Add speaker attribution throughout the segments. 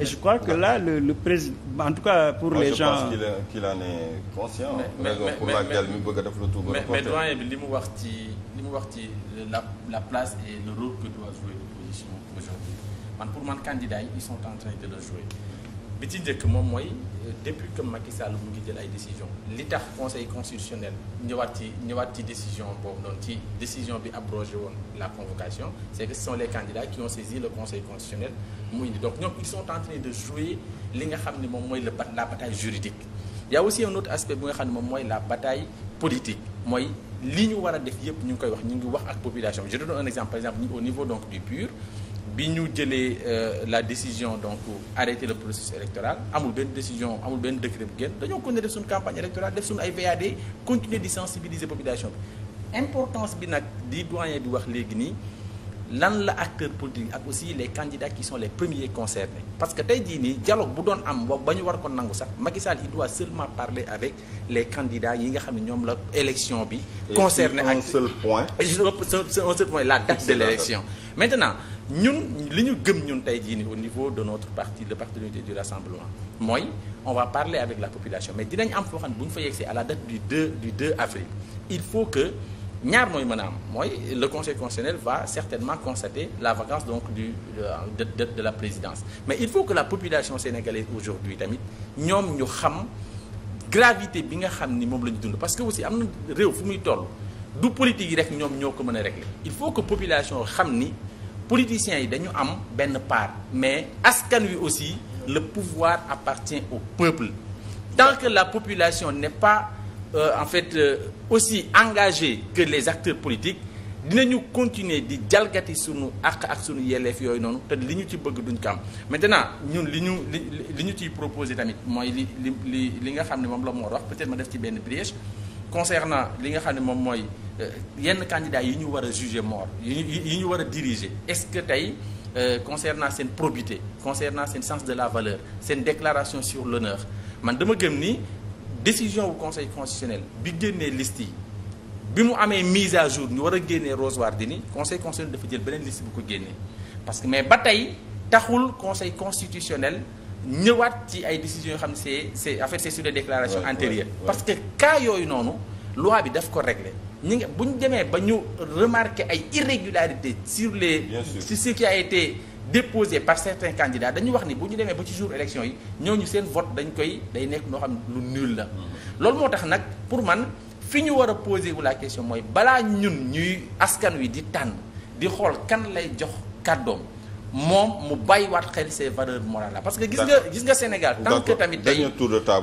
Speaker 1: Et je crois que là, le, le président, en tout cas pour Moi, les je gens. Je pense qu'il qu en est conscient. Mais, mais, pour mais, laquelle mais, mais, le tout mais, mais doyen bi li mu wax ci li mu wax ci la la place et le rôle que doit jouer l'opposition aujourd'hui man pour man candidats yi ils sont en train de le jouer. bi ci njëkk moom mooy euh, depuis que Macky mu ngi jël ay décision li tax conseil constitutionnel ñëwaat ci ñëwaat ci décision boobu noonu ci décision bi abrogé woon la convocation c'est que ce sont les candidats qui ont saisi le conseil constitutionnel mu indi donc ñoom ils sont en de jouer li nga xam ne moom mooy la la bataille juridique y a aussi un autre aspect bu nga xam ne moom mooy la bataille politique mooy li ñu war a def yëpp ñu ngi koy wax ñu ngi wax ak population je te bi ñu jëlee euh, la décision donc arrêter le processus électoral amul benn décision amul benn décret bu génn dañoo kon continuer def suñu campagne électorale def suñu ay VAD continuer di sensibiliser population bi importance bi nag di doyen bi wax léegi nii lan la acteur politique ak aussi les candidats ki sont les premiers concernés parce que tey jii nii dialogue bu doon am ba ñu war ko nangu sax Macky Sall il doit seulement parler avec les candidats yi nga xam ne ñoom la élection bi concerné ak un seul point c'est un seul point la date de l'élection maintenant ñun li ñu gëm ñun tey jii ni au niveau de notre parti le parti de l'unité du rassemblement mooy on va parler avec la population mais dinañ am foo xam ne bu ñu fa yegsee à la date du 2 du 2 avril il faut que ñaar mooy mën a am mooy le conseil constitutionnel va certainement constater la vacance donc du euh, de de de la présidence mais il faut que la population sénégalaise aujourd'hui tamit ñoom ñu xam gravité bi nga xam ni moom la ñu dund parce que aussi am na réew fu muy toll du politique yi rek ñoom ñoo ko mën a régler il faut que population xam ni politiciens yi dañu am benn part mais askan wi aussi le pouvoir appartient au peuple tant que la population n'est pas euh, en fait euh, aussi engagée que les acteurs politiques dinañu continuer di jalgati sunu àq ak sunu yelleef yooyu noonu te li ñu ci bëgg duñ ko am maintenant ñun li ñu li li ñu ciy proposé tamit mooy li li li li nga xam ne moom la moo wax peut-être ma def ci benn brèche concernant li nga xam ne moom mooy euh, yenn candidats yi ñu war a juger mort yi ñu war a diriger est-ce que tey euh, concernant seen probité concernant seen sens de la valeur seen déclaration sur l'honneur man dama gëm ni décision bu conseil constitutionnel bi génnee liste yi bi mu amee mise à jour ñu war a génnee Rose Wardini conseil constitutionnel dafa jël beneen liste bu ko génnee parce que mais ba tey taxul conseil constitutionnel ñëwaat ci ay décisions yoo xam ne c'est c'est en fait c'est sur parce que yooyu noonu loi bi daf ko régler ñi nga bu ñu demee ba ñu remarquer ay irrégularités sur les sur ce qui a été déposé par certains candidats dañu wax ni bu ñu demee ba ci jour élection yi ñooñu seen vote dañ koy day nekk noo xam lu nul la mm-hmm. loolu moo tax nag pour man fi ñu war a posé wu la question mooy balaa ñun ñuy askan wi di tànn di xool kan lay jox kàddoom moom mu bàyyiwaat xel ces valeurs morales la parce que gis nga gis nga Sénégal tant que tamit tey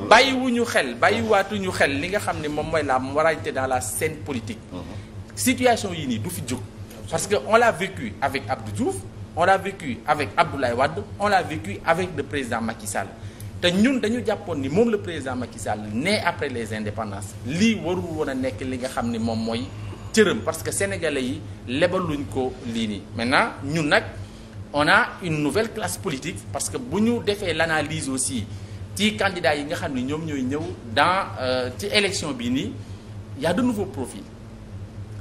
Speaker 1: bàyyiwuñu xel bàyyi bàyyiwaatuñu xel li nga xam ne moom mooy la moralité dans la scène politique mhm. situation yi nii du fi jóg parce que on l'a vécu avec Abdou Diouf on l'a vécu avec Abdoulaye wadd on l'a vécu avec le président Macky Sall te ñun dañu jàppoon ni moom le président Macky Sall ne après les indépendances lii warul woon a nekk li nga xam ne moom mooy cëram parce que sénégalais yi lebaluñ ko lii nii maintenant ñun nag on une nouvelle classe politique parce que bu ñu defee l'analyse aussi ci candidats yi nga xam ni ñoom ñooy ñëw dans euh, ci élection bi nii y a de nouveaux profils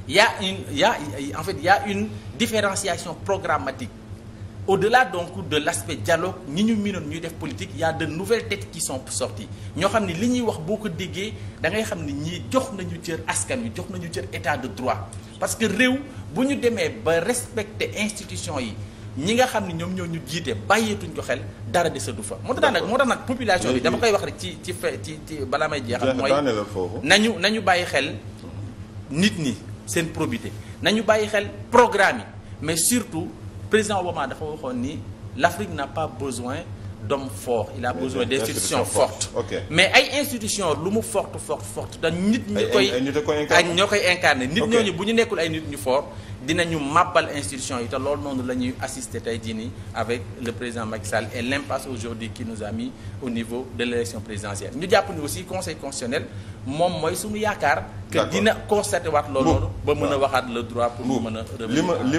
Speaker 1: y a une y en fait y une différenciation programmatique au-delà donc de l'aspect dialogue ñi ñu miinoon ñuy def politique y de nouvelles têtes qui sont sorties ñoo xam ni li ñuy wax boo ko déggee da ngay xam ni ñii jox nañu cër askan wi jox nañu cër état de droit parce que réew bu ñu demee ba respecter institution yi ñi nga xam ni ñoom ñoo ñu jiite bàyyeetuñ ko xel dara de sadu fa moo tax nag moo tax nag population bi dama koy wax rek ci ci fe ci ci balaa may jeexal mooy nañu nañu bàyyi xel nit ñi seen probité nañu bàyyi xel programme yi mais surtout président Obama dafa waxoon ni l'Afrique n'a pas besoin d'hommes forts il a besoin d'institutions fortes mais ay institutions lu mu forte forte fort dañ nit ñi koy ak ñoo koy incarné nit ñooñu bu ñu nekkul ay nit ñu fort ñu màbbal institution yi te loolu noonu la ñuy assister tey jii nii avec le président Macky Sall et l'impasse aujourd'hui qui nous a mis au niveau de l'élection présidentielle ñu jàpp ni aussi conseil constitutionnel moom mooy suñu yaakaar que dina constaté waat loolu ba mën a waxaat le droit pour mu